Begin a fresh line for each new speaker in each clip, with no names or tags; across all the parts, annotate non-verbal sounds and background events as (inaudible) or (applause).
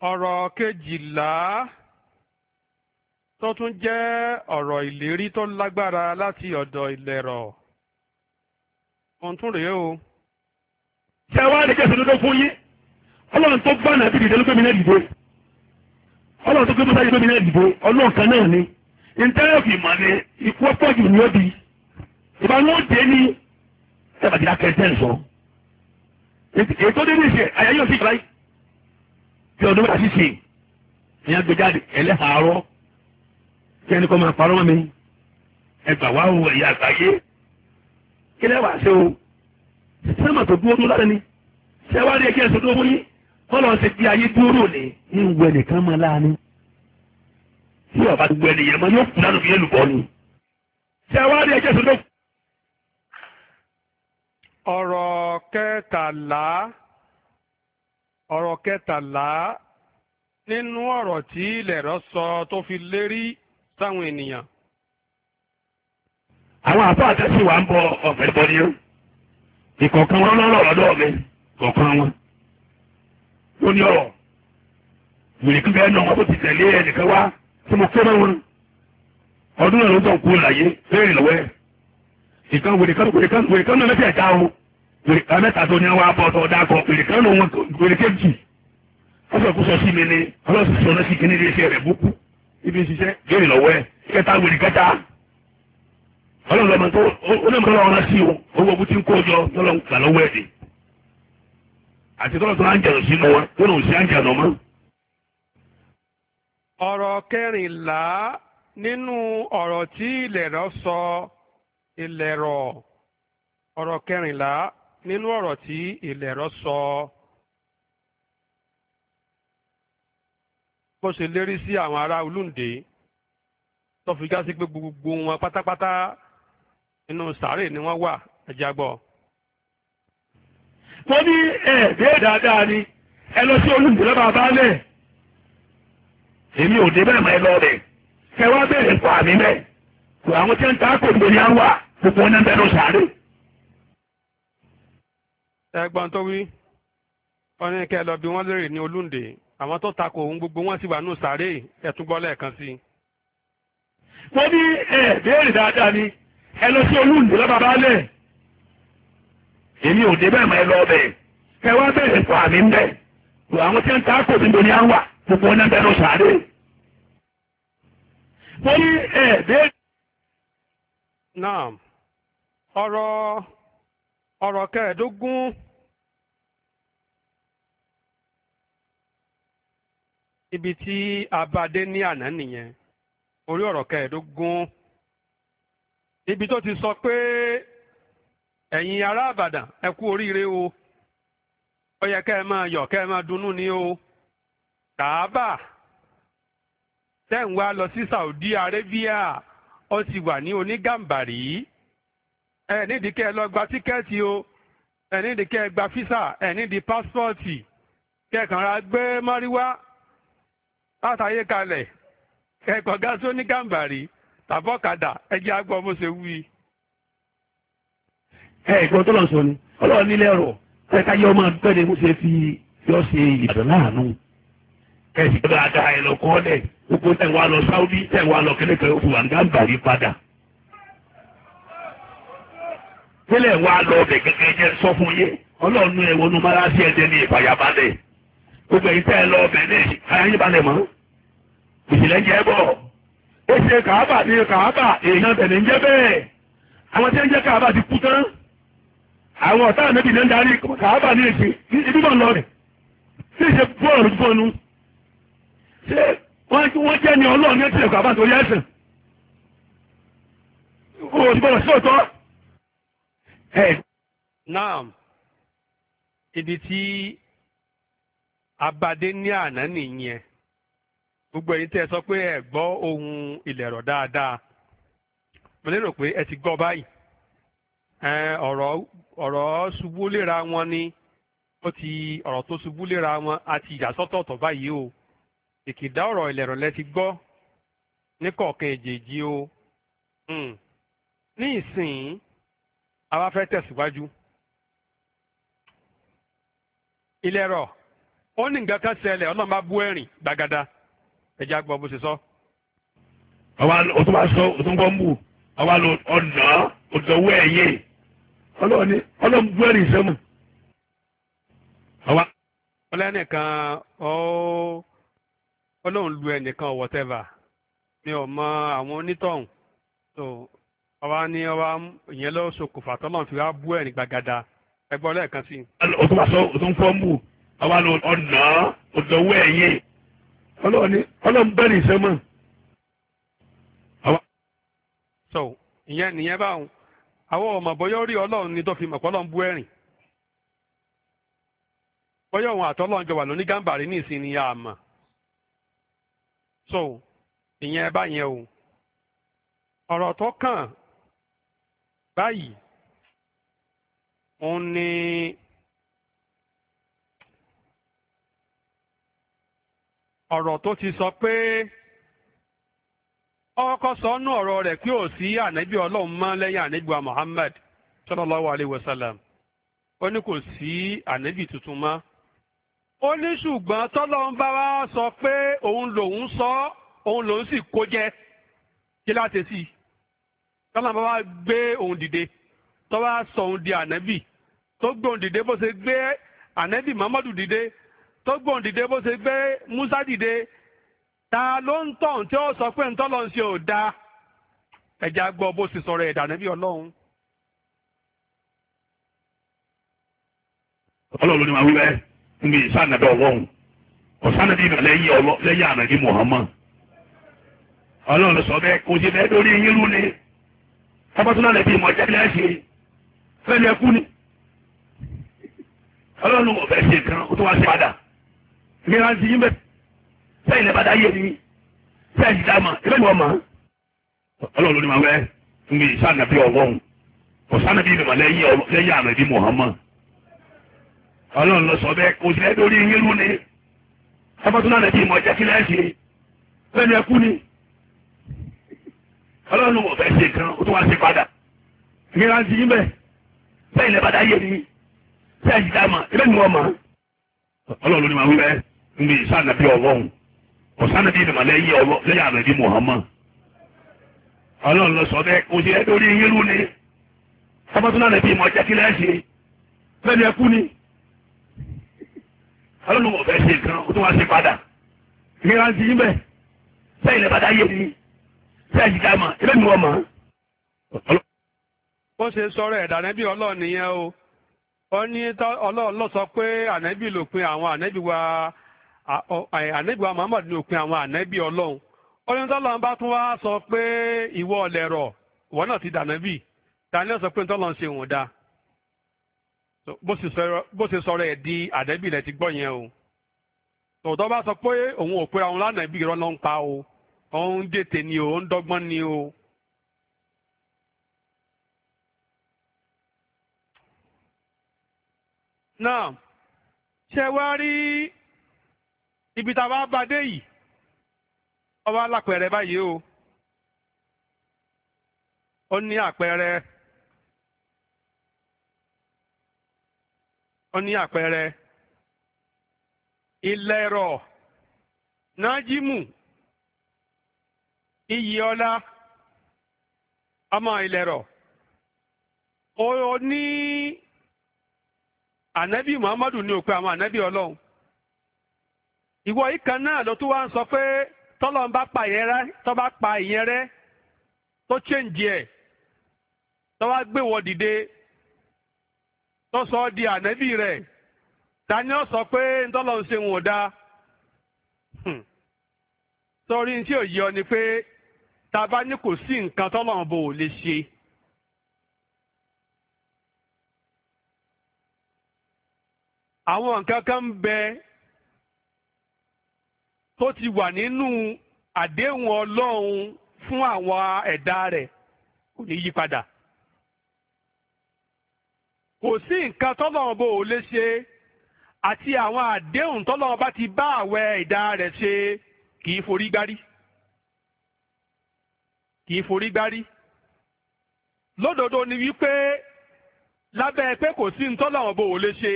ọ̀rọ̀ kejìlá tó tún jẹ́ ọ̀rọ̀ ìlérí tó lágbára láti ọ̀dọ̀ ìlẹ̀rọ̀ ohun tún rèé o. ṣé wàá lè jẹ́sọ̀ dodo fún yín ọlọ́run tó gbọ́nà àti
ìdílé lókè mi náà dìbò ọlọ́run tó gbé mọ́tà yìí lókè mi náà dìbò ọlọ́run kan náà ni ìntẹ́rọ̀fì mọ̀ ni ikú ọ̀pọ̀ jù ni ó di ìbámu ó dé ní ẹ̀bàdìlá kẹ̀kẹ́ sọ ètò dé ní ìṣe àyà yóò sì gbáyìí tí ọdún bá ṣíṣe ní agbèjáde ẹlẹ́hàárọ́ kí ẹni kọ́ máa parọ́ mọ́ mi ẹgbà wá wo ẹ̀yà àgbáyé kí lẹ́ wàá ṣe o sẹ́mà tó dúró dúró lára ni ṣẹ́wárí ẹ̀kí ẹ̀sọ́ tó mú yín kọ́lọ́ ṣe di ayé dúró ní ní ìwọ ẹnìkan máa láàánú tí ọba ti wẹ máa yóò kú lánàá fi
yẹn lùbọ́ ni ṣẹ́wárí ẹ̀kí ẹ̀sọ́ tó. ọ̀rọ̀ kẹtàlá. ọ̀rọ̀ kẹtàlá nínú ọ̀rọ̀ tí lẹ̀rọ sọ tó fi lérí sáwọn ènìyàn. àwọn afọ àtẹ́sí wa ń bọ ọ̀fẹ́ bọ́dí wọn
mi wọn ní ọ̀rọ̀ náà wọn tó ti tẹ̀lé ẹnìkan wá tí mo kéré wọn ọdún ló tọ̀ kú bẹ́ẹ̀ lọ́wọ́ ẹ̀ wèrè wèrè wèrè pèrèkà mẹ́ta tó ní àwọn abọ́tọ̀ dákọ̀ pèrèkà lòun pèrèkà jì ọsọkúsọ sí mi ni ọlọ́sọsọ náà sì kí ní ilé iṣẹ́ rẹ̀ búkú ibi ṣiṣẹ́ yóò lọ́wọ́ ẹ̀ kẹta wèrè kẹta ọlọ́mọ tó onímọ̀ lọ́wọ́ náà sí o owó ogun tí ń kó jọ lọ́lọ́ gbà lọ́wọ́ ẹ̀ dé àti tọ́lọ́ tó ń jẹ̀rọ sínú wọn tó lòun sí à ń jẹ̀rọ mọ́.
ọ̀rọ̀ ọ̀rọ̀ kẹrìnlá nínú ọ̀rọ̀ tí ìlẹ̀rọ sọ bó ṣe lérí sí àwọn ará olóǹde tó fi já sí pé gbogbo wọn pátápátá inú sàárè ni wọ́n wà ẹ̀jẹ̀ àgbọ̀. mo ní ẹ̀ẹ́dẹ́ dáadáa ni ẹ lọ sí olóǹde lọ́ba
baálẹ̀ èmi ò dé bẹ́ẹ̀ mọ́ ẹ lọ rẹ̀ kẹ wá bẹ̀rẹ̀ pa mi bẹ́ẹ̀
àwọn tí ń ta kò gbèrè á wà
gbogbo wọn náà bẹ́ẹ̀ lọ sàárè
ẹgbọn tó wí ọ̀nà ìkẹ́ lọ bí wọ́n lérè ní olóńdè àwọn tó takò òun gbogbo wọn sì wà nù sáré ẹ̀tún gbọ́ sí i. ní ẹ béèrè dáadáa ni ẹ lọ sí olóńdè lọ́ba baálẹ̀
èmi ò débẹ̀ mọ́ ẹ lọ bẹ̀ ẹ wá bẹ̀rẹ̀ fún àmì ń bẹ̀ àwọn tí ń ta kò níbo ni à ń wà
gbogbo ọ̀nà ń bẹ̀ lọ sáré. mo ní ẹ béèrè. náà ọ̀rọ̀. ọ̀rọ̀ kẹẹ̀ẹ́dógún ibi tí abadé ní àná nìyẹn orí ọ̀rọ̀ kẹẹ̀ẹ́dógún ibi tó ti sọ pé ẹ̀yin ará àbàdàn ẹ kú oríire o ó yẹ kẹ́ ẹ máa yọ̀ kẹ́ ẹ máa dunnú ni o kàábà tẹ̀ ń wá lọ sí Saudi Arabia ó sì wà ní onígàmbàrí. ẹ nídìí kẹ́ ẹ lọ gba tíkẹ́ẹ̀tì o ẹ nídìí kẹ́ ẹ gba físà ẹ nídìí pásítọ̀ọ̀tì kẹ́ẹ̀kan ra gbé mọ́ríwá látàyè kalẹ̀ kẹ́ẹ̀kan gá sóní gàǹbàrí tàbọ̀kadà ẹjẹ́ àgbọ̀ bó ṣe wí.
ẹ ìgbọ́n tó lọ sọ ni ọlọ́run nílẹ̀ ọ̀rọ̀ ẹ ká yẹ ọmọ àdúgbò ni mo ṣe fi yọ ṣe ìbàdàn láàánú kẹ́ẹ̀sì gbọ́dọ̀ àdáyẹ lọ kọ́ ọ́ dẹ̀ gbogbo tẹ̀ wá lọ sáúdí tẹ̀ wá lọ kẹ́lẹ́kẹ́ òfurufú àǹgá tẹ́lẹ̀ wá lọ ọbẹ̀ gẹ́gẹ́ jẹ́ sọ fún yé ọlọ́run ẹ̀ wọnú mara sí ẹ̀jẹ̀ ní ìfàyàbalẹ̀ gbogbo ìtẹ́ ẹ lọ ọbẹ̀ ní ayébalẹ̀ mọ́ ìṣẹ̀lẹ̀ jẹ́ bọ̀ ó ṣe kàábà ní kàábà èèyàn tẹ̀lé ń jẹ́ bẹ́ẹ̀ àwọn tí ń jẹ́ kàábà ti kú tán àwọn ọ̀tá àmẹ́bí ní ń darí kàábà ní èsì ibi bọ̀ lọ rẹ̀ tí ìṣe bọ́ọ̀lù gbọ́nu ṣé wọ́n jẹ́ ni ọlọ́run ní ẹ̀sìn kàábà tó yẹ
naam ibi tí abadé ní àná nìyẹn gbogbo ẹ̀yin tẹ́ ẹ sọ pé ẹ gbọ ohun ìlẹ̀rọ̀ dáadáa mo lérò pé ẹ ti gbọ́ báyìí ọ̀rọ̀ ọ̀rọ̀ ṣubú léra wọn ni ó ti ọrọ tó ṣubú léra wọn a ti yà sọ́tọ̀ọ̀tọ̀ báyìí o ìkìdá ọrọ ìlẹ̀rọ̀ lẹ ti gbọ ní kọ̀ọ̀kan èjèèjì o hmm. ní ìsìn a wá fẹ́ tẹ̀síwájú. ilé rọ̀ ó ní nǹkan kan ṣẹlẹ̀ ọlọ́run bá bú ẹ̀rìn gbàgàdà ẹ̀jẹ̀ àgbọ̀ bó ṣe sọ. àwa o tún bá
sọ o tún gbọ́ ń bù
àwa lọ ọ̀nà òdòwú ẹ̀yẹ ọlọ́run
ní ọlọ́run bú ẹ̀rìn sẹ́mu. àwa.
ọlẹ́nìkan ọ́ ọlọ́run lu ẹnìkan whatever mi ò mọ àwọn onítọ̀hún ọba ní ọba ìyẹn lọ fi wá bú ẹ̀rín gbàgàdà ẹgbọ́n lẹ́ẹ̀kan sí. o tún bá sọ o tún fọ́ mú ọba ní ọ̀nà ọ̀dọ̀wọ́
ẹ̀yìn ọlọ́ọ̀ni ọlọ́ọ̀n bẹ́ẹ̀ ní sẹ́mọ̀.
so ìyẹn nìyẹn àwọn ọmọ rí ní bú lóní gàmbàrí ní ìsinmi so ìyẹn o tó báyìí òun ni ọ̀rọ̀ tó ti sọ pé ọkọ̀ sọ́nù ọ̀rọ̀ rẹ̀ pé ò sí ànábì ọlọ́run mọ́ lẹ́yìn ànábì wa Muhammad sallallahu alayhi wa sallam ó ní kò sí ànábì tuntun mọ́ ó ní ṣùgbọ́n tọ́lọ́run bá wá sọ pé òun lòun sọ òun lòun sì kó jẹ́ kí láti sí i. tọ́lá bá wá gbé òun dìde tó wá sọ òun di ànábì tó gbé òun dìde bó ṣe gbé ànábì Muhammadu dìde tó gbé òun dìde bó ṣe gbé Musa dìde ta ló ń tọ̀ tí ó sọ pé ntọ́ lọ́n ṣe ò da ẹ̀já gbọ́ bó ṣe sọ̀rọ̀ ẹ̀dà ànábì Ọlọ́run.
Ọlọ́run ni màá wí bẹ́ẹ̀ níbi ìsànàdọ̀ Ọlọ́run ọ̀sánàdì lẹ́yìn ànábì Muhammad Ọlọ́run sọ bẹ́ẹ̀ kò sí bẹ́ẹ̀ lórí yín lú ọbátúnlọ́lẹ̀ bí ìmọ̀ ìjẹ́bílẹ̀ ṣe fẹ́lú ẹkú ni ọlọ́run ọ̀bẹ̀ ṣe kan ó tó wá sí padà mìíràn ti yín bẹ̀ sẹ́yìn lẹ́bàá dá yé mi sẹ́yìn ti dáa mà ẹgbẹ́ mi wọ́n mà ọlọ́run ló ní màá wẹ́ nbí sànàbí ọ̀wọ́n ọ̀sánàbí ìbẹ̀mọ̀ lẹ́yìn àmọ̀ ìbí Muhammad ọlọ́run lọ sọ bẹ́ẹ̀ kò sí ẹ́ lórí yín lú ni ọbátúnlọ́lẹ̀ bí ìmọ̀ ìjẹ́bílẹ̀ ṣe fẹ́lú ọlọ́run mọ̀ fẹ́ ṣe kan o tún wá ṣe padà ìnira ti yín bẹ́ẹ̀ bẹ́ẹ̀ ilẹ̀ padà yé mi bẹ́ẹ̀ ti dá ma ni wọ́n ma ọlọ́run ló ní ma wí bẹ́ẹ̀ níbi sànàbí ọlọ́run ọ̀sánàbí ìdìmọ̀ lẹ́yìn àbẹ̀bí ọlọ́run lọ sọ bẹ́ẹ̀ kò sí ẹ lórí yín ni bẹ́ẹ̀ ni ẹ kú ni ọlọ́run fẹ́ ṣe
tún ṣé ẹ ti ká mọ̀ ẹbí mi wọ́n mọ̀. bó ṣe sọ̀rọ̀ ẹ̀dá ànábì ọlọ́run nìyẹn o ó ní ọlọ́run lọ sọ pé ànábì lòpin àwọn ànábì wa ànábì wa Muhammad ní òpin àwọn ànábì ọlọ́run ó ní tọ́lọ́run bá tún wá sọ pé ìwọ ọ̀lẹ̀rọ̀ ìwọ náà ti dànábì daniel sọ pé tọ́lọ́run ṣe òun dáa bó ṣe sọ̀rọ̀ ẹ̀ di ànábì lẹ ti gbọ́ yẹn o tòótọ́ bá sọ pé òun ò pera òun lánàá ibi ìrọ́ ló ń pa o. òun dètè ni o òun dọ́gbọ́n ni o. náà ṣe wá rí ibi tá a wá bá dé yìí ọba lápẹẹrẹ báyìí o ó ní àpẹẹrẹ ó ní àpẹẹrẹ ilẹ̀ rọ̀ nájímù ọla, ọmọ Ìlẹ̀rọ̀ ó ní ànábì Muhammadu ní òpin àwọn ànábì Ọlọ́run ìwọ yìí kan náà ló tún wá ń sọ pé tọ́lọ́n bá pa ìyẹn rẹ́ tọ́ bá pa ìyẹn rẹ́ tó ẹ̀ di ànábì rẹ. Daniel sọ pé ntọ́lọ́n ṣe wọn dáa ní hmm. ọ ni pé tàbá ní kò sí nǹkan tọ́lọ́run bò lè ṣe. àwọn nǹkan kan ń bẹ tó ti wà nínú àdéhùn ọlọ́run fún àwọn ẹ̀dá rẹ̀ kò ní yí padà. kò sí nǹkan tọ́lọ́run bò lè ṣe àti àwọn àdéhùn tọ́lọ́run bá ti bá àwẹ̀ ẹ̀dá rẹ̀ ṣe kì í forí gbárí kì í forí gbárí lódodo ni wípé lábẹ́ pé kò sí ntọ́lọ́wọ́n bò ó lè ṣe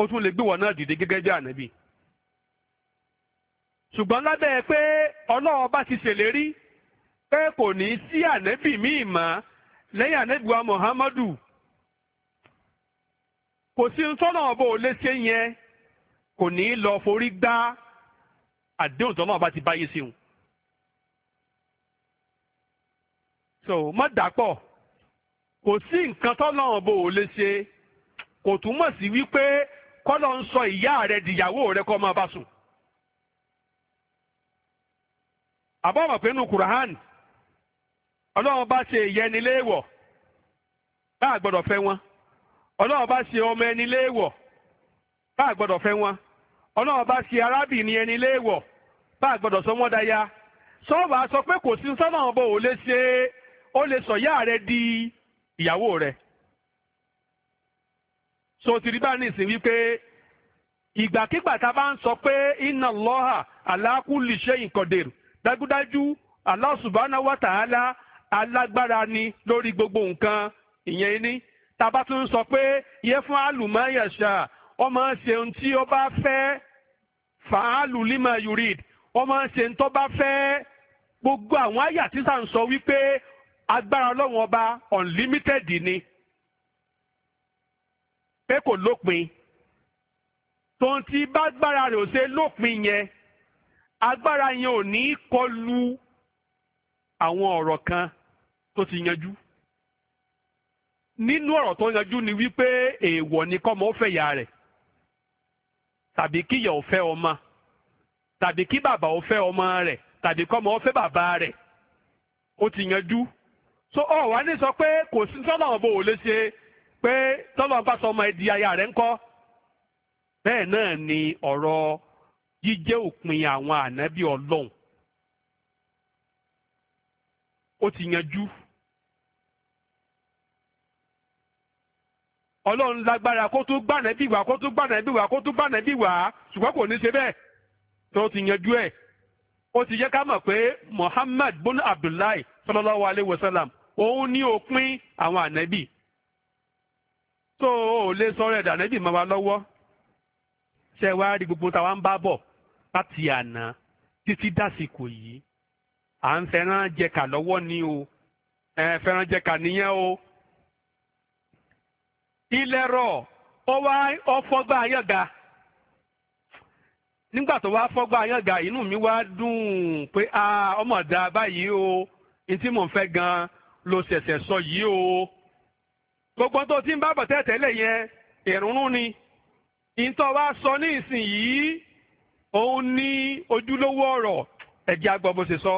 ó tún lè gbé wọn náà dìde gẹ́gẹ́ bí ànábì ṣùgbọ́n lábẹ́ pé ọlọ́run bá ti ṣèlérí pé kò ní sí ànábì míì mọ́ lẹ́yìn ànábì Muhammadu kò sí ntọ́lọ́wọ́n bò ó lè ṣe yẹn kò ní lọ forí gbá àdéhùn tọ́lọ́wọ́n bá ti báyé sí wọn. so má dàpọ̀ kò sí nǹkan tọ́nà bò ó lè ṣe kò túmọ̀ sí wípé kọ́lọ́ ń sọ ìyá rẹ dìyàwó rẹ kọ́ máa bá sùn. àbọ̀mọ̀ pé nu kùràhán ọlọ́run bá ṣe léèwọ̀ bá a wọn ọlọ́run bá ṣe ọmọ ẹni léèwọ̀ bá a wọn ọlọ́run bá ṣe arábìnrin ẹni léèwọ̀ bá a gbọ́dọ̀ sọ dáyà sọ́ọ̀bù a sọ pé kò sí sọ́nà o le sọ ya rẹ di ìyàwó rẹ so ti rí bá ní ìsìn wípé ìgbàkigbà tá pe bá ń sọ pé inna Allaha ala kulli shay'in qadir dájúdájú Allah subhanahu wa ta'ala alágbára ni lórí gbogbo nǹkan ìyẹn ní tá a bá tún sọ pé yaf'alu ma yasha ó máa ń ohun tí ó bá fẹ́ fa'alu lima urid ó máa se ṣe ohun tó bá fẹ́ gbogbo àwọn àyà tí sà ń sọ wípé agbára ọlọ́run ọba unlimited ni pé kò lópin tóun ti bá gbára rẹ̀ ò ṣe lópin yẹn agbára yẹn ò ní kọlu àwọn ọ̀rọ̀ kan tó ti yanjú nínú ọ̀rọ̀ tó yanjú ni wípé èèwọ̀ ni kọ́mọ ó fẹ̀yà rẹ̀ tàbí kíyà ó fẹ́ ọmọ tàbí kí bàbá ó fẹ́ ọmọ rẹ̀ tàbí kọ́mọ ó fẹ́ bàbá rẹ̀ ó ti yanjú so ọ wá ní sọ pé kò sí tọ́lọ̀ ọ̀bọ ò lè ṣe pé tọ́lọ̀ bá sọ ọmọ ẹ̀dì aya rẹ̀ ń kọ́ bẹ́ẹ̀ náà ni ọ̀rọ̀ jíjẹ́ òpin àwọn ànábì ọlọ́run ó ti yanjú ọlọ́run lágbára kó tún gbànà bí wá kó tún gbànà bí wá kó tún gbànà bí wá ṣùgbọ́n kò ní ṣe bẹ́ẹ̀ tó ti yanjú ẹ̀ ó ti yẹ ká mọ̀ pé Muhammad bin Abdullahi sallallahu alayhi wa sallam òun ní òpin àwọn ànẹ́bì tó o lè sọ̀rọ̀ ẹ̀dà ànẹ́bì máa wa lọ́wọ́ ṣe wá rí gbogbo táwa ń bá bọ̀ láti àná títí dàsìkò yìí à ń fẹ́ràn jẹ̀ka lọ́wọ́ ni o ẹ fẹ́ràn jẹ̀ka nìyẹn o ilẹ̀ rọ̀ ó wá ọfọ́gbà ayọ̀gà nígbà tó wá fọ́gbà ayọ̀gà inú mi wá dùn pé ah, ọmọ ọ̀dà báyìí o ntí mò ń fẹ́ gan-an ló ṣẹ̀ṣẹ̀ sọ yìí o gbogbo tó ti ń bá bọ̀ tẹ́tẹ́lẹ̀ yẹn ìrúnrún ni ìtọ́ wa sọ ní ìsinyìí òun ní ojúlówó ọ̀rọ̀ ẹ̀jẹ̀ àgbọ̀ bó ṣe sọ.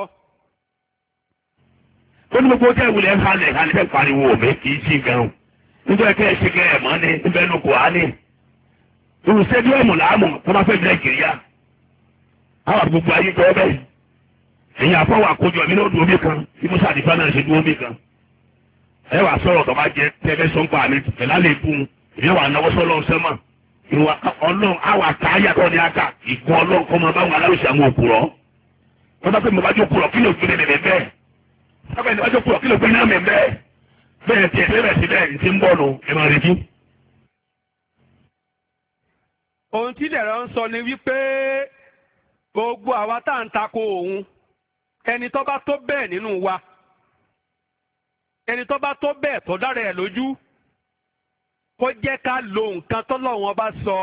ó ní gbogbo tẹ́ ìwúlẹ̀ ń halẹ̀ halẹ̀ fẹ́ pariwo òbí kì í sí gan-an nígbà
kẹ́ ẹ̀ ṣe kẹ́ ẹ̀ mọ́ ni níbẹ̀ ló kò á ní. olùsẹ́díọ̀mù làámù tó máa fẹ́ bẹ̀rẹ̀ kiri àwọn àgbègbè ayé jọ bẹ́ẹ̀ èyí àfọwọ́ àkójọ mi náà dúró mi kan bí musa àdìbá náà ṣe dúró mi kan ẹ wà sọ̀rọ̀ tó bá jẹ tẹ́fẹ́ sọ́npa mi pẹ̀lá lè bùn èyí wà náwó sọ́lọ́ sẹ́mà ìwà ọlọ́run àwọn àtàyà tó ní aka ìgbọ́n ọlọ́run kọ́ máa báwọn aláwòsí àwọn òkúrọ̀ wọ́n bá pè mọ́ bájú òkúrọ̀ kí ló gbé nínú bẹ́ẹ̀
wọ́n bá pè bájú òkúrọ̀ kí ló gbé nínú bẹ́ẹ̀ bẹ́ẹ̀ tiẹ̀ bẹ́ẹ̀ sí bẹ́ẹ̀ ti ń bọ̀ nù ẹ̀ máa retí. ohun tí dẹ̀rọ ń sọ ni wípé gbogbo àwa tá à ń takò òun ẹni tó bá tó bẹ́ẹ̀ nínú wa ẹni tó bá tó bẹ́ẹ̀ tó dára ẹ̀ lójú kó jẹ́ ká lo nǹkan tọ́lọ́wọ́n bá sọ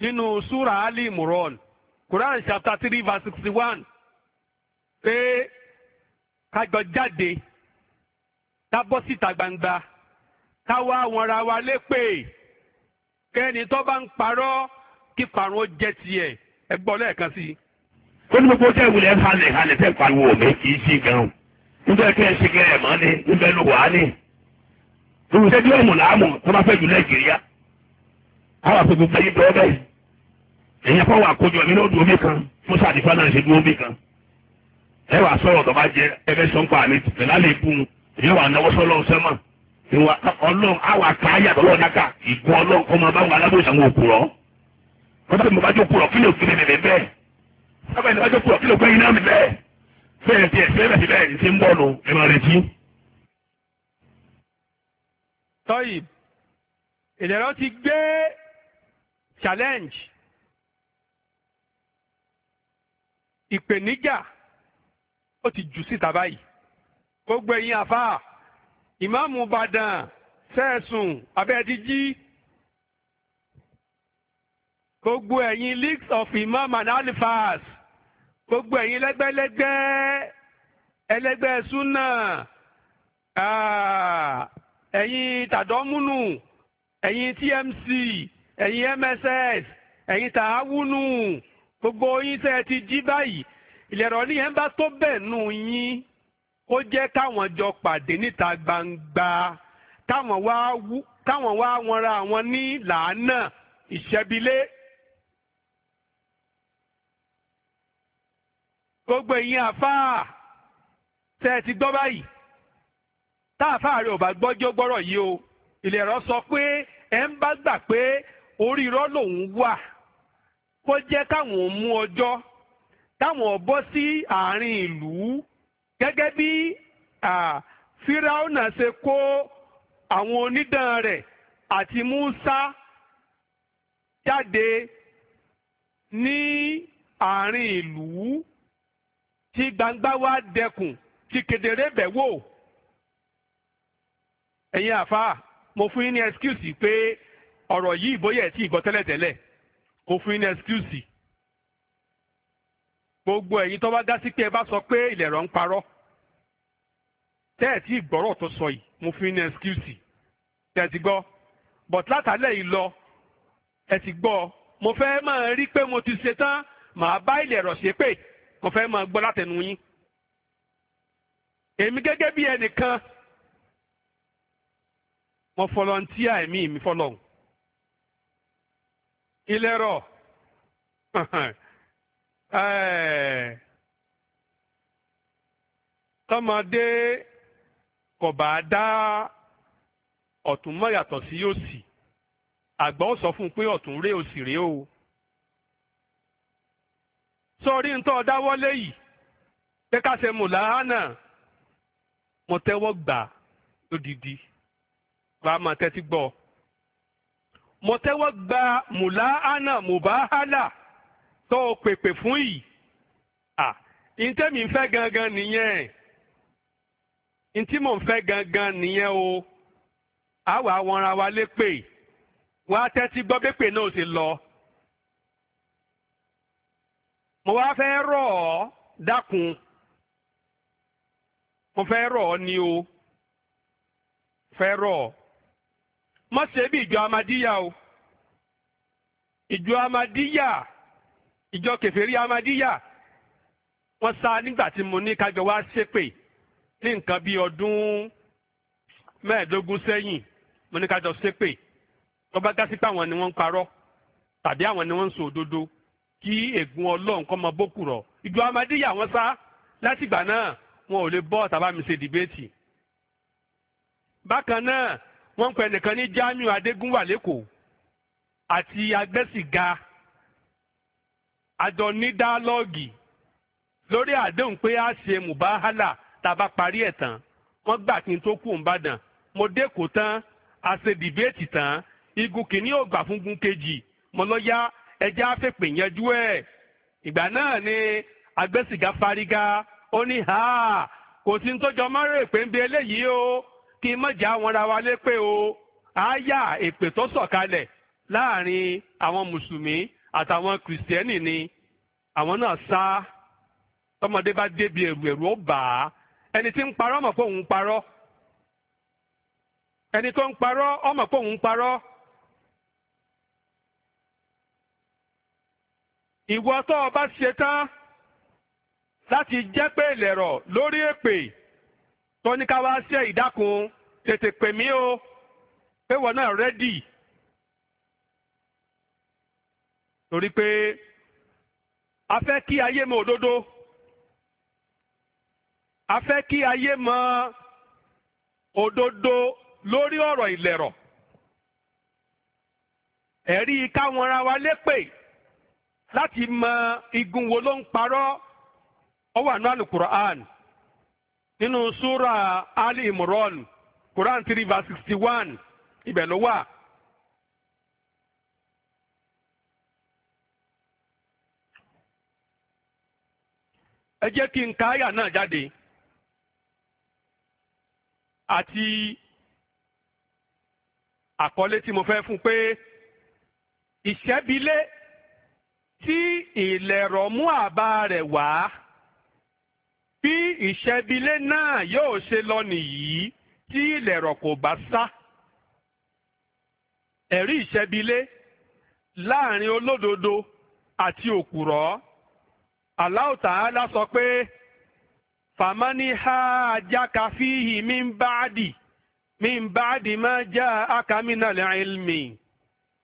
nínú súrà Ali Imran Quran chapter three verse sixty one pé kájọ jáde ká bọ́ síta gbangba ká wá wọn ra wa lépè kẹ́ni tó bá ń parọ́ kí parun ó jẹ́ tiẹ̀ ẹ gbọ́ lẹ́ẹ̀kan sí i. kó ní gbogbo tẹ́ ìwúlẹ̀ halẹ̀ halẹ̀ tẹ́ pariwo òmé
kì í sí gan-an níbẹ̀ kẹ́ ẹ ṣe ẹ mọ́ ni níbẹ̀ ló wà á ní. olùsẹ́ bí ọ̀mù làámù tó bá fẹ́ jù nàìjíríà àwọn àfẹ́ gbogbo ayé bẹ́ẹ̀ bẹ́ẹ̀ ẹ̀yìn ebe wà kójọ omi kan musa àdìfá náà ṣe omi kan. ẹ wà sọ̀rọ̀ tó bá jẹ ẹgbẹ́ mi ìbùn wà náwó sọ́lọ́ sẹ́mà ìwà ọlọ́run ọgbà ìdíwájú kúrò kí ló gbé iná mi bẹ́ẹ̀ bẹ́ẹ̀ tiẹ̀ bẹ́ẹ̀ tiẹ̀ bẹ́ẹ̀ ti ń bọ̀ nù ẹ̀ máa retí.
tọ́yì ìdẹ̀rọ ti gbé challenge ìpèníjà ó ti jù síta báyìí gbogbo ẹ̀yin àfáà ìmáàmù Ìbàdàn sẹ́ẹ̀sùn abẹ́ẹ̀ ti jí gbogbo ẹ̀yin leaks of imam and alifas gbogbo ẹ̀yin lẹ́gbẹ́lẹ́gbẹ́ ẹlẹ́gbẹ́ súnà ah, ẹ̀yin tàdọ́múnù ẹ̀yin tmc ẹ̀yin mss ẹ̀yin tàáwúnù gbogbo yín tẹ́ ẹ ti jí báyìí ìlẹ̀rọ̀ ní ẹ̀ ń bá tó bẹ́ẹ̀ nù yín ó jẹ́ káwọn jọ pàdé níta gbangba káwọn wá wọra àwọn ní làánà ìṣẹ́bílé. gbogbo ẹ̀yin àfáà tẹ́ ẹ ti gbọ́ báyìí tá àfáà rẹ̀ ò bá gbọ́jọ́ gbọ́rọ̀ yìí o ìlẹ̀rọ sọ pé ẹ̀ ń bá gbà pé orí irọ́ lòun wà kó jẹ́ káwọn mú ọjọ́ táwọn bọ́ sí àárín ìlú gẹ́gẹ́ bí fíráúnà ṣe kó àwọn onídàn rẹ̀ àti Músà jáde ní àárín ìlú. tí gbangba wá dẹkùn tí kedere bẹ̀ wò. ẹ̀yin àfa mo fún yín ní ẹ́skúùsì pé ọ̀rọ̀ yìí bóyá ẹ̀ tí ì gbọ́ tẹ́lẹ̀tẹ́lẹ̀ mo fún yín ní ẹ́skúùsì. gbogbo ẹ̀yin tó bá dá sí pé ẹ bá sọ pé ilẹ̀ rọ̀ ń parọ́ tẹ́ ẹ̀ tí gbọ́rọ̀ tó sọ yìí mo fún yín ní ẹ́skúùsì tẹ́ ẹ ti gbọ́ bọ̀t látàlẹ́ yìí lọ ẹ ti gbọ́ mo fẹ́ máa rí pé mo ti ṣetán màá bá ilẹ̀ rọ̀ ṣépè mo fẹ́ máa gbọ́ látẹnu yín èmi gẹ́gẹ́ bí ẹnìkan mo fọlọ́ntíà ẹ̀mí mi fọlọ́hùn ilẹ̀ rọ̀ (laughs) tọmọdé kò bá dá ọ̀tún mọ́ yàtọ̀ sí òsì àgbà ó sọ fún un pé ọ̀tún rèé òsì rèé o. Si sọrí ń tọ́ dáwọ́lé yìí pé ká ṣe mùláhánà mo tẹ́wọ́ gbà lódìdí bá a máa tẹ́tí gbọ́ mo tẹ́wọ́ gbà mùláhánà mùbáhálà tó o pèpè fún yìí à ìtẹ́mi fẹ́ gangan nìyẹn ntí mò ń fẹ́ gangan nìyẹn o àwa àwọn ara wa lépè wá tẹ́tí gbọ́ pépè náà ó sì lọ mo wá fẹ́ rọ̀ ọ́ dákun mo fẹ́ rọ̀ ọ́ ni o fẹ́ rọ̀ ọ́ má ṣe bí ìjọ amadíyà o ìjọ amadíyà ìjọ kèfèrí amadíyà wọ́n sá nígbà tí mo ní kájọ wá ṣépè ní nǹkan bíi ọdún mẹ́ẹ̀ẹ́dógún sẹ́yìn mo ní kájọ ṣépè tó bá dá sí pé àwọn ni wọ́n ń parọ́ tàbí àwọn ni wọ́n ń sọ òdodo kí ègún ọlọ́run kọ́ mọ bókù rọ̀ ìjọ amadíyà wọn sá látìgbà náà wọn ò lè bọ́ tàbámi ṣe dìbẹ́tì. bákan náà wọ́n ń pẹ́ nìkan ní Jamiu Adégúnwà lẹ́kọ̀ọ́ àti agbẹ́sìga àjọ ní dáálọ́ọ̀gì lórí àdéhùn pé a ṣe mùbáhálà tá parí ẹ̀ tán wọ́n gbà kí n tó kú Ìbàdàn mo dẹ́kọ̀ tán a ṣe dìbẹ́tì tán igun kìíní ò gbà fún gun kejì mo ẹjẹ́ àfẹ́pè yanjú ẹ̀ ìgbà náà ni agbésìgá fárígá ó ní ha kò sí ní tọ́jọ́ márùn èpè ń bi eléyìí o kí n mọ̀jà wọn ra wa lépè o àáyà èpè tó sọ̀kalẹ̀ láàrin àwọn mùsùlùmí àtàwọn kìrìsìtẹ́nì ni àwọn náà sá tọmọdé bá débi ẹ̀rù ẹ̀rù ó bà á ẹni tí ń parọ́ mọ̀ pé òun parọ́ ẹni tó ń parọ́ ọmọ pé òun parọ́ ìwọ tó o bá ṣe tán láti jẹ́ pé ìlẹ̀rọ̀ lórí èpè tó ní ká wá ṣe ìdákun tètè pè mí o pé wọ́n náà rẹ́dì torí pé a fẹ́ kí ayé mọ òdodo a fẹ́ kí ayé mọ òdodo lórí ọ̀rọ̀ ìlẹ̀rọ̀ ẹ̀rí káwọn ra wa lépè. láti mọ igun wo ló ń parọ́ ó wà nínú alukur'an nínú súra ali imran quran three verse sixty one ibẹ̀ ló wà. ẹ jẹ́ kí n ka àyà náà jáde àti àkọlé tí mo fẹ́ fún pé ìṣẹ́bilé. tí ìlẹ̀rọ̀ mú àbá rẹ̀ wá bí ìṣẹ́bilé náà yóò ṣe lọ nìyí tí ìlẹ̀rọ̀ kò bá sá ẹ̀rí ìṣẹ́bilé láàrin olódodo àti òkùrọ́ Allahu Ta'ala sọ pé fàmánì ha ajáka fíhì min ba'di min ba'di ma ja'aka minal ilmi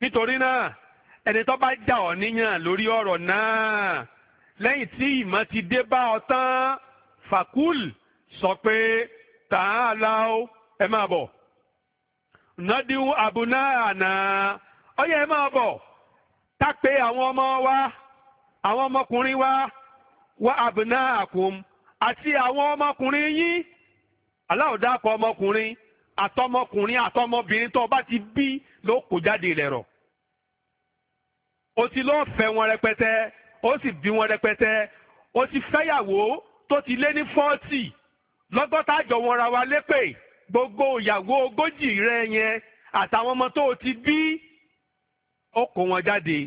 nítorí náà. ẹni tó bá dà ọ́ níyàn lórí ọ̀rọ̀ náà lẹ́yìn tí ìmọ̀ ti dé bá ọ tán fakul sọ pé tààlà ó ẹ máa bọ̀ nọ́díwù àbúná àná ọyẹ ẹ máa bọ̀ tá pé àwọn ọmọ wa àwọn ọmọkùnrin wa wa àbúná àkùn àti àwọn ọmọkùnrin yín aláwòdà kọ ọmọkùnrin àtọmọkùnrin àtọmọbìnrin tó o bá ti bí ló kó jáde lẹ̀rọ̀ o ti lọ́ọ́ fẹ́ wọn rẹpẹtẹ ó sì bí wọn rẹpẹtẹ ó ti fẹ́yàwó tó ti lé ní fọ́ọ̀tì lọ́gọ́ta àjọ wọn ra wa lépè gbogbo ìyàwó ogójì rẹ yẹn àtàwọn ọmọ tó o ti bí ó kó wọn jáde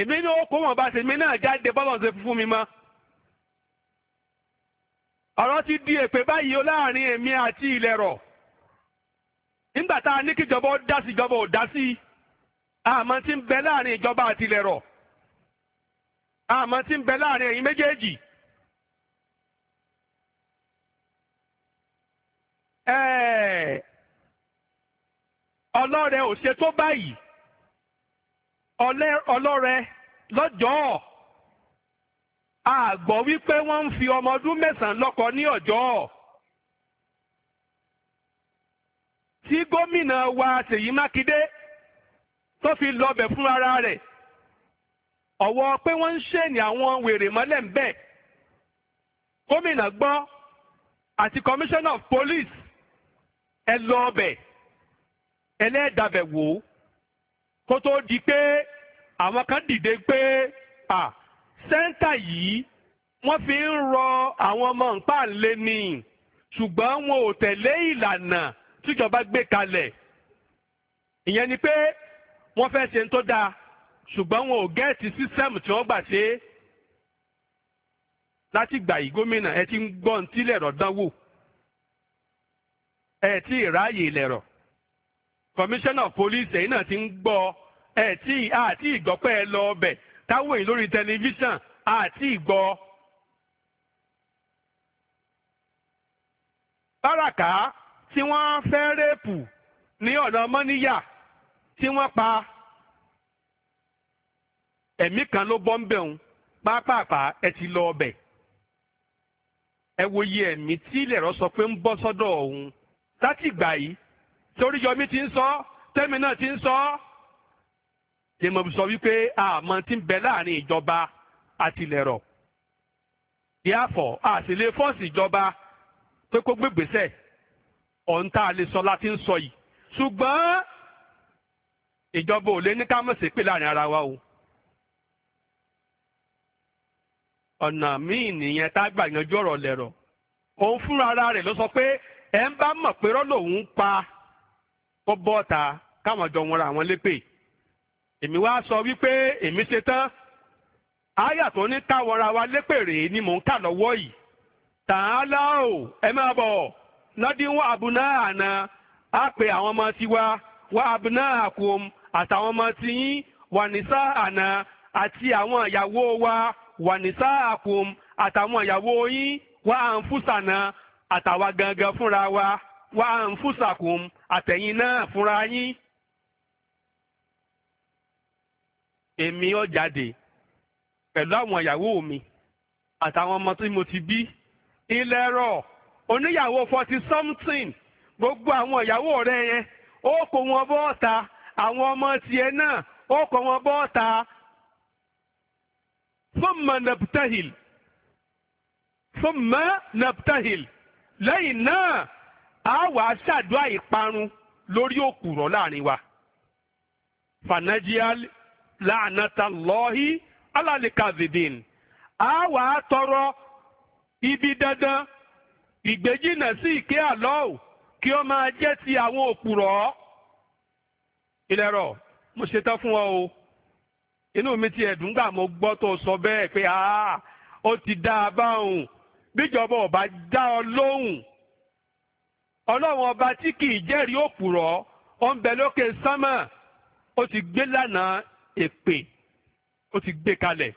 èmi ní ó kó wọn bá tèmi náà jáde bọ́lọ̀ ṣe fún mi mọ́. ọ̀rọ̀ ti di èpè báyìí láàrin èmi àti ilẹ̀ nígbà tá a ní kíjọba ó dá sí ìjọba ò dá sí i. àmọ́ tí ń bẹ láàrin ìjọba àtìlẹ̀rọ̀ àmọ́ tí ń bẹ láàrin ẹ̀yin méjèèjì. ọlọ́rẹ̀ ò ṣe tó báyìí ọlọ́rẹ̀ lọ́jọ́ àgbọ̀ wípé wọ́n ń fi ọmọ ọdún mẹ́sàn-án lọ́kọ ní ọjọ́ tí gómìnà wa Ṣèyí Mákindé tó fi lọbẹ̀ fún ara rẹ̀ ọ̀wọ́ pé wọ́n ń ṣèèní àwọn wèrè mọ́lẹ̀ ń bẹ̀ gómìnà gbọ́ àti commissioner of police ẹ lọ ọbẹ̀ ẹlẹ́ẹ̀dàbẹ̀ wò ó kó tó di pé àwọn kan dìde pé à sẹ́ńtà yìí wọ́n fi ń rọ àwọn ọmọ nǹkan lé ní ṣùgbọ́n wọn ò tẹ̀lé ìlànà tíjọba gbé kalẹ̀ ìyẹn ni pé wọ́n fẹ́ ṣe ń tó dáa ṣùgbọ́n wọn ò gẹ́ẹ̀tì sísẹ́mù tí wọ́n gbà ṣe é láti gbà yìí gómìnà ẹ ti ń gbọ́ ní tílẹ̀ rọ̀ dánwò ẹ ti ráàyè lẹ̀rọ̀ kọmíṣánná pólíìsì ẹ̀yìn náà ti ń gbọ́ ẹ ti àti ìgbọ́pẹ́ ẹ lọ ọbẹ̀ táwọn èyí lórí tẹlifíṣàn àti ìgbọ́. báràkà tí wọ́n fẹ́ rẹ́ẹ̀pù ní ọ̀nà mọ́níyà tí wọ́n pa ẹ̀mí kan ló bọ́ ń bẹ̀ ń pápápá ẹ ti lọ ọbẹ̀ ẹ wo iye ẹ̀mí tí ilẹ̀rọ sọ pé ń bọ́ sọ́dọ̀ ọ̀hún látìgbà yìí torí yọmí ti ń sọ tẹ́mi náà ti ń sọ ni mo sọ wípé àmọ́ ti ń bẹ láàrin ìjọba àti ilẹ̀rọ díàfọ̀ àṣìlè fọ́ọ̀sì ìjọba pé kó gbégbèsè ọ̀hún tá a ń sọ yìí ṣùgbọ́n ìjọba ole ní ká mọ̀ pé láàrin ara wa o. ọ̀nà míì nìyẹn gbà yanjú ọ̀rọ̀ lẹ̀rọ̀ òun fúnra ara rẹ̀ ló sọ pé ẹ̀ ń bá mọ̀ pé rọ́lò òun pa ọbọ̀ bọ́ káwọn jọ wọn ra àwọn lépè èmi wá sọ wípé èmi ṣe wa lépè rèé ni mò ń kà lọ́wọ́ yìí tààlà o ẹ máa bọ̀ lọ́dínwó àná a pe àwọn ọmọ tiwa wá àtàwọn ọmọ tiyín wànísà àná àti àwọn ìyàwó wa wànísà àkùm àtàwọn ìyàwó yín wà á ń fúsànà àtàwa gangan fúnra wa wà á ń fúsàkùm àtẹ̀yìn náà fúnra yín. èmi ó jáde pẹ̀lú àwọn ìyàwó mi àtàwọn ọmọ tí mo ti bí ilẹ̀ rọ̀ oníyàwó forty something gbogbo àwọn ìyàwó rẹ yẹn ó kó wọn bọ́ ọ̀ta àwọn ọmọ tiẹ̀ náà ó kọ́ wọn bọ́ọ̀ta thumma nabtahil thumma nabtahil lẹ́yìn náà a wàá ṣàdúrà ìparun lórí òkùrọ̀ láàrin wa. fanajiyal la'nata Allahi ala likazidin a wàá tọrọ ibi dandan ìgbéjìnà sí ìké àlọ́ ò kí ó máa jẹ́ ti àwọn òpùrọ̀ ìlẹ́rọ̀ mo ṣetán fún ọ o inú mi ti ẹ̀dùn gbà mo gbọ́ tó sọ bẹ́ẹ̀ pé a ó ti dá a báhùn bíjọba ọba dá ọ lóhùn ọlọ́run ọba tí kì í jẹ́rìí òpùrọ́ ó ń bẹ lókè sámà ó ti gbé lánàá èpè ó ti gbé kalẹ̀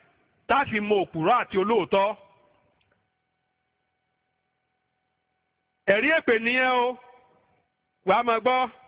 tá mọ òpùrọ́ àti olóòótọ́. ẹ̀rí èpè nìyẹn o wàá máa gbọ́.